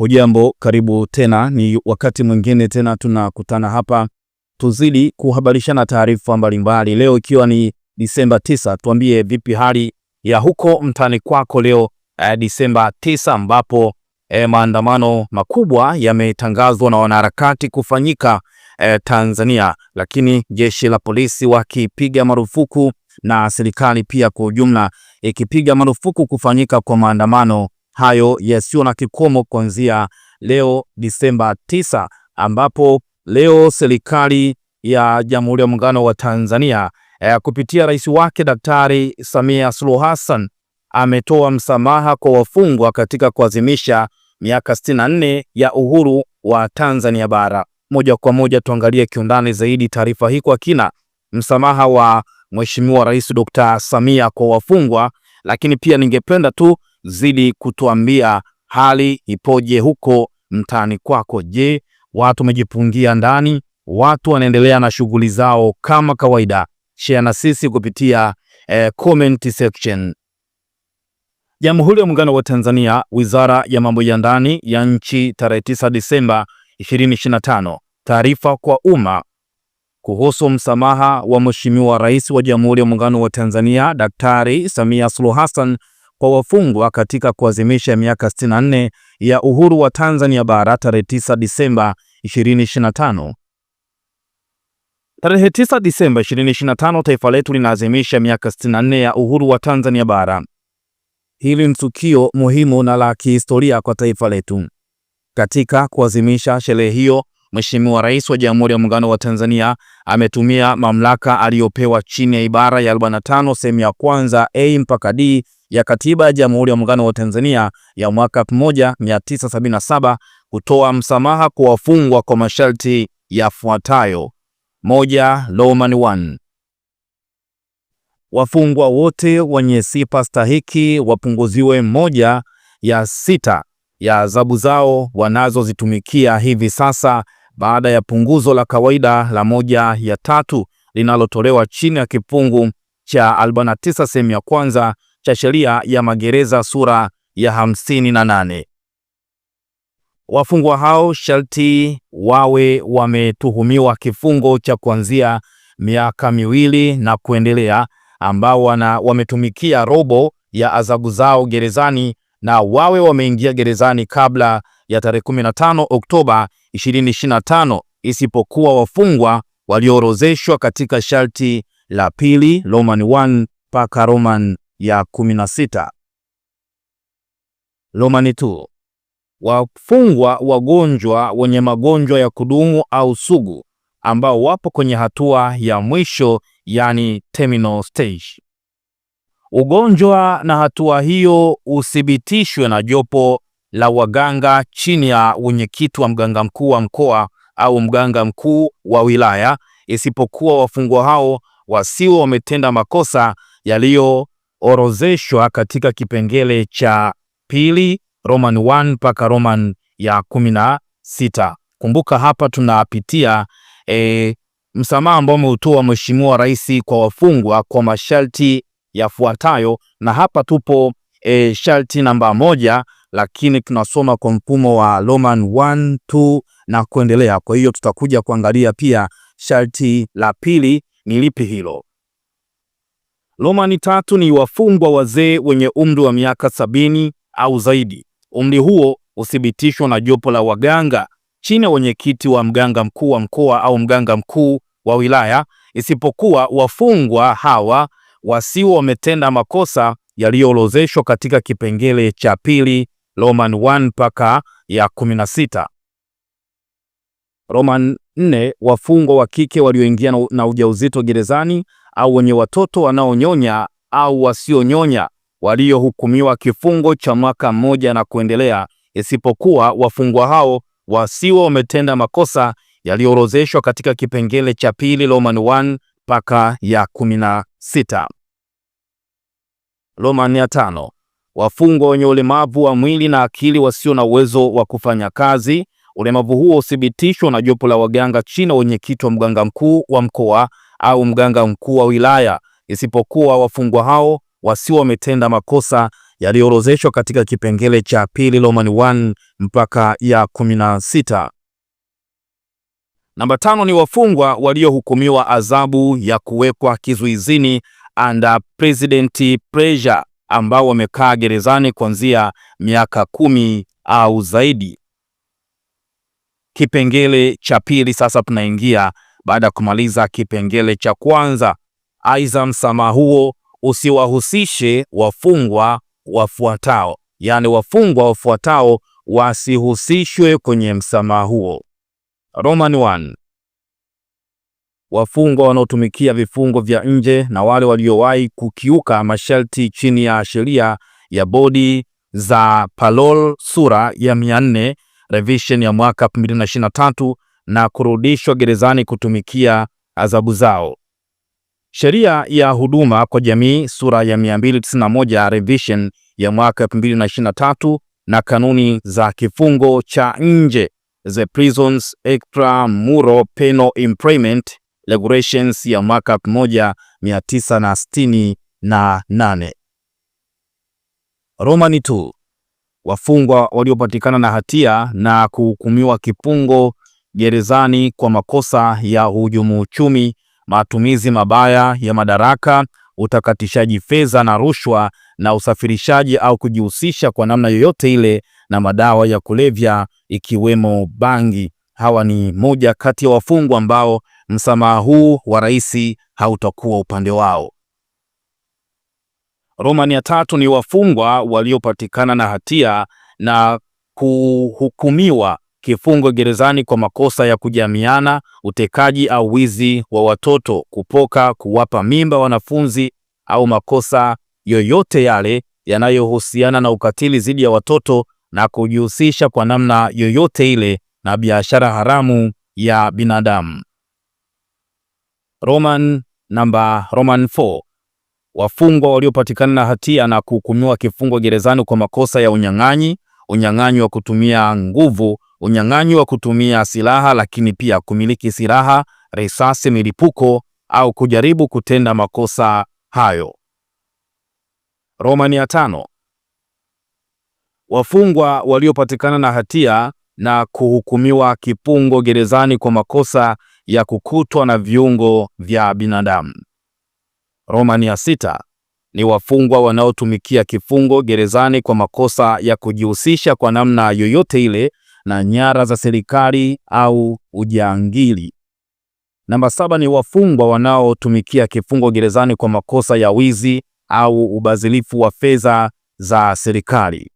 Hujambo, karibu tena, ni wakati mwingine tena tunakutana hapa tuzidi kuhabarishana taarifa mbalimbali. Leo ikiwa ni Disemba 9, tuambie vipi hali ya huko mtaani kwako leo eh, Disemba 9 ambapo eh, maandamano makubwa yametangazwa na wanaharakati kufanyika eh, Tanzania, lakini jeshi la polisi wakipiga marufuku na serikali pia kwa ujumla ikipiga marufuku kufanyika kwa maandamano hayo yasiyo na kikomo kuanzia leo Disemba 9 ambapo leo serikali ya Jamhuri ya Muungano wa Tanzania eh, kupitia rais wake Daktari Samia Suluhu Hassan ametoa msamaha kwa wafungwa katika kuadhimisha miaka 64 ya uhuru wa Tanzania bara. Moja kwa moja tuangalie kiundani zaidi taarifa hii kwa kina. Msamaha wa Mheshimiwa Rais Dr. Samia kwa wafungwa, lakini pia ningependa tu zidi kutuambia hali ipoje huko mtaani kwako. Je, watu wamejipungia ndani? Watu wanaendelea na shughuli zao kama kawaida? Share na sisi kupitia eh, comment section. Jamhuri ya Muungano wa Tanzania, Wizara ya Mambo ya Ndani ya nchi, tarehe 9 Disemba 2025. Taarifa kwa umma kuhusu msamaha wa Mheshimiwa Rais wa Jamhuri ya Muungano wa Tanzania Daktari Samia Suluhu Hassan kwa wafungwa katika kuadhimisha miaka 64 ya uhuru wa Tanzania bara tarehe 9 Disemba 2025. Tarehe 9 Disemba 2025 taifa letu linaadhimisha miaka 64 ya uhuru wa Tanzania bara. Hili ni tukio muhimu na la kihistoria kwa taifa letu. Katika kuadhimisha sherehe hiyo, Mheshimiwa Rais wa Jamhuri ya Muungano wa Tanzania ametumia mamlaka aliyopewa chini ya ibara ya 45 sehemu ya kwanza A mpaka D ya Katiba ya Jamhuri ya Muungano wa Tanzania ya mwaka 1977 kutoa msamaha kwa wafungwa kwa masharti yafuatayo: moja, Roman 1 wafungwa wote wenye sifa stahiki wapunguziwe moja ya sita ya adhabu zao wanazozitumikia hivi sasa baada ya punguzo la kawaida la moja ya tatu linalotolewa chini ya kifungu cha 49 sehemu ya kwanza cha sheria ya magereza sura ya hamsini na nane. Wafungwa hao sharti wawe wametuhumiwa kifungo cha kuanzia miaka miwili na kuendelea, ambao wana wametumikia robo ya adhabu zao gerezani na wawe wameingia gerezani kabla ya tarehe 15 Oktoba 2025, isipokuwa wafungwa waliorozeshwa katika sharti la pili Roman 1 mpaka Roman ya 16. Romani 2 wafungwa wagonjwa wenye magonjwa ya kudumu au sugu ambao wapo kwenye hatua ya mwisho, yani terminal stage. Ugonjwa na hatua hiyo uthibitishwe na jopo la waganga chini ya wenyekiti wa mganga mkuu wa mkoa au mganga mkuu wa wilaya, isipokuwa wafungwa hao wasio wametenda makosa yaliyo orozeshwa katika kipengele cha pili Roman 1 mpaka Roman ya kumi na sita. Kumbuka hapa tunapitia e, msamaha ambao umeutoa Mheshimiwa Rais kwa wafungwa kwa masharti yafuatayo, na hapa tupo e, sharti namba moja, lakini tunasoma kwa mfumo wa Roman 1, 2 na kuendelea. Kwa hiyo tutakuja kuangalia pia sharti la pili ni lipi hilo. Romani tatu ni wafungwa wazee wenye umri wa miaka sabini au zaidi. Umri huo huthibitishwa na jopo la waganga chini ya wenyekiti wa mganga mkuu wa mkoa au mganga mkuu wa wilaya, isipokuwa wafungwa hawa wasio wametenda makosa yaliyoorozeshwa katika kipengele cha pili Roman 1 mpaka ya 16. Roman 4 wafungwa wa kike walioingia na ujauzito gerezani au wenye watoto wanaonyonya au wasionyonya waliohukumiwa kifungo cha mwaka mmoja na kuendelea, isipokuwa wafungwa hao wasiwa wametenda makosa yaliyoorozeshwa katika kipengele cha pili Roman 1 mpaka ya 16. Roman ya tano, wafungwa wenye ulemavu wa mwili na akili wasio na uwezo wa kufanya kazi. Ulemavu huo uthibitishwa na jopo la waganga chini ya wenyekiti wa mganga mkuu wa mkoa au mganga mkuu wa wilaya, isipokuwa wafungwa hao wasio wametenda makosa yaliyoorozeshwa katika kipengele cha pili Roman 1 mpaka ya 16. Namba tano ni wafungwa waliohukumiwa adhabu ya kuwekwa kizuizini under president pressure ambao wamekaa gerezani kuanzia miaka kumi au zaidi. Kipengele cha pili sasa tunaingia baada ya kumaliza kipengele cha kwanza, aidha msamaha huo usiwahusishe wafungwa wafuatao, yaani wafungwa wafuatao wasihusishwe kwenye msamaha huo. Roman 1 wafungwa wanaotumikia vifungo vya nje na wale waliowahi kukiuka masharti chini ya sheria ya bodi za parole sura ya 400 revision ya mwaka 2023 na kurudishwa gerezani kutumikia adhabu zao. Sheria ya huduma kwa jamii sura ya 291 revision ya mwaka 2023 na kanuni za kifungo cha nje the prisons extra muro penal imprisonment regulations ya mwaka 1968. Romani 2 wafungwa waliopatikana na hatia na kuhukumiwa kifungo gerezani kwa makosa ya uhujumu uchumi, matumizi mabaya ya madaraka, utakatishaji fedha na rushwa, na usafirishaji au kujihusisha kwa namna yoyote ile na madawa ya kulevya ikiwemo bangi. Hawa ni moja kati ya wafungwa ambao msamaha huu wa rais hautakuwa upande wao. Romani ya tatu ni wafungwa waliopatikana na hatia na kuhukumiwa kifungo gerezani kwa makosa ya kujamiana, utekaji au wizi wa watoto, kupoka, kuwapa mimba wanafunzi au makosa yoyote yale yanayohusiana na ukatili dhidi ya watoto na kujihusisha kwa namna yoyote ile na biashara haramu ya binadamu. Roman namba Roman 4. Wafungwa waliopatikana na hatia na kuhukumiwa kifungo gerezani kwa makosa ya unyang'anyi, unyang'anyi wa kutumia nguvu unyang'anyi wa kutumia silaha, lakini pia kumiliki silaha, risasi, milipuko au kujaribu kutenda makosa hayo. Romania tano. Wafungwa waliopatikana na hatia na kuhukumiwa kifungo gerezani kwa makosa ya kukutwa na viungo vya binadamu. Romania sita ni wafungwa wanaotumikia kifungo gerezani kwa makosa ya kujihusisha kwa namna yoyote ile na nyara za serikali au ujangili. Namba saba ni wafungwa wanaotumikia kifungo gerezani kwa makosa ya wizi au ubadhirifu wa fedha za serikali.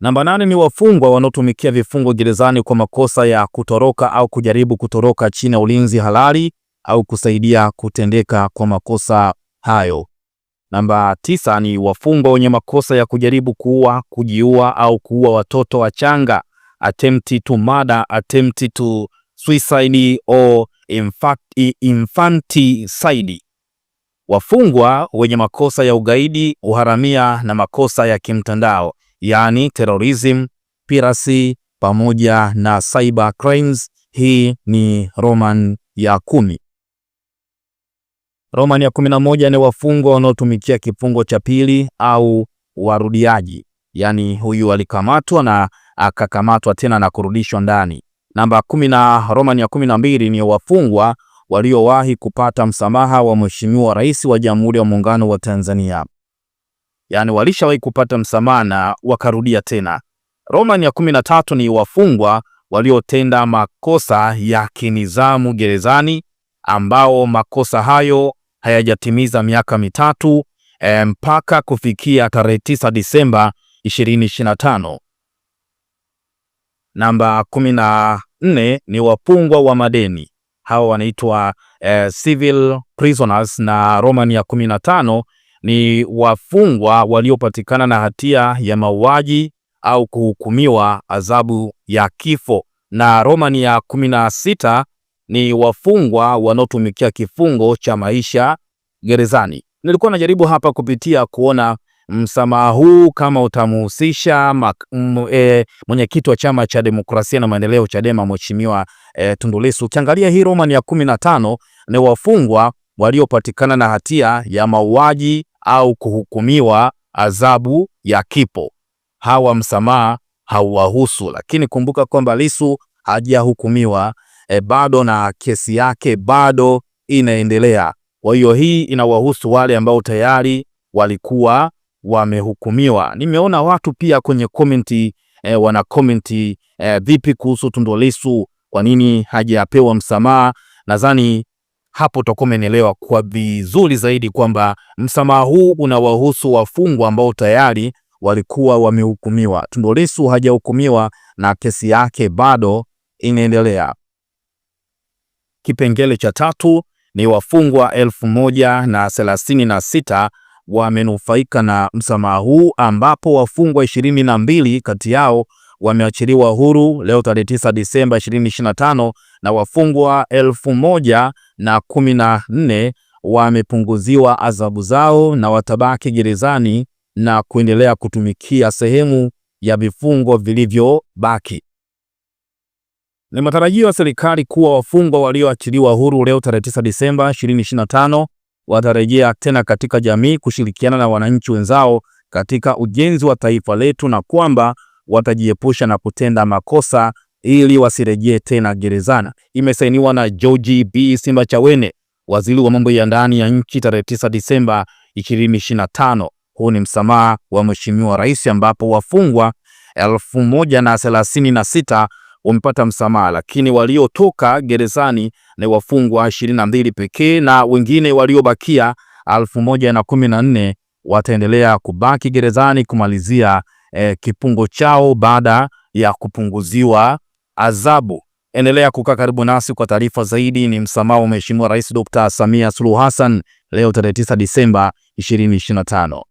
Namba nane ni wafungwa wanaotumikia vifungo gerezani kwa makosa ya kutoroka au kujaribu kutoroka chini ya ulinzi halali au kusaidia kutendeka kwa makosa hayo. Namba tisa ni wafungwa wenye makosa ya kujaribu kuua, kujiua au kuua watoto wachanga, attempt to murder, attempt to suicide or infanticide. Wafungwa wenye makosa ya ugaidi, uharamia na makosa ya kimtandao, yaani terrorism, piracy pamoja na cyber crimes. Hii ni Roman ya kumi. Roma ya 11 ni wafungwa wanaotumikia kifungo cha pili au warudiaji, yaani huyu alikamatwa na akakamatwa tena na kurudishwa ndani. Namba 10 na Roma ya 12 ni wafungwa waliowahi kupata msamaha wa Mheshimiwa Rais wa Jamhuri ya Muungano wa Tanzania, yaani walishawahi kupata msamaha na wakarudia tena. Roma ya 13 ni wafungwa waliotenda makosa ya kinizamu gerezani ambao makosa hayo hayajatimiza miaka mitatu e, mpaka kufikia tarehe 9 Disemba 2025. Namba 14 ni wafungwa wa madeni, hawa wanaitwa e, civil prisoners, na Roman ya 15 ni wafungwa waliopatikana na hatia ya mauaji au kuhukumiwa adhabu ya kifo, na Roman ya ni wafungwa wanaotumikia kifungo cha maisha gerezani. Nilikuwa najaribu hapa kupitia kuona msamaha huu kama utamhusisha e, mwenyekiti wa chama cha demokrasia na maendeleo Chadema, mheshimiwa e, Tundu Lissu. Ukiangalia hii Roman ya 15 tano ni wafungwa waliopatikana na hatia ya mauaji au kuhukumiwa adhabu ya kipo. Hawa msamaha hauwahusu, lakini kumbuka kwamba Lissu hajahukumiwa e, bado na kesi yake bado inaendelea. Kwa hiyo hii inawahusu wale ambao tayari walikuwa wamehukumiwa. Nimeona watu pia kwenye komenti e, wana komenti e, vipi kuhusu Tundu Lissu, kwa nini hajapewa msamaha? Nadhani hapo utakuwa umenielewa kwa vizuri zaidi kwamba msamaha huu unawahusu wafungwa ambao tayari walikuwa wamehukumiwa. Tundu Lissu hajahukumiwa na kesi yake bado inaendelea. Kipengele cha tatu ni wafungwa elfu moja na thelathini na sita wamenufaika na msamaha huu ambapo wafungwa 22 kati yao wameachiliwa huru leo tarehe 9 Disemba 2025 na wafungwa elfu moja na kumi na nne wamepunguziwa adhabu zao na watabaki gerezani na kuendelea kutumikia sehemu ya vifungo vilivyobaki. Ni matarajio ya serikali kuwa wafungwa walioachiliwa huru leo tarehe 9 Disemba 2025 watarejea tena katika jamii kushirikiana na wananchi wenzao katika ujenzi wa taifa letu na kwamba watajiepusha na kutenda makosa ili wasirejee tena gerezani. Imesainiwa na George B. Simbachawene, waziri wa mambo ya ndani ya nchi, tarehe 9 Disemba 2025. Huu ni msamaha wa Mheshimiwa Rais ambapo wafungwa 1036 wamepata msamaha, lakini waliotoka gerezani ni wafungwa 22 mbili pekee na wengine waliobakia elfu moja na kumi na nne wataendelea kubaki gerezani kumalizia eh, kipungo chao baada ya kupunguziwa adhabu. Endelea kukaa karibu nasi kwa taarifa zaidi. Ni msamaha wa Mheshimiwa Rais Dr. Samia Suluhu Hassan leo tarehe 9 Disemba 2025.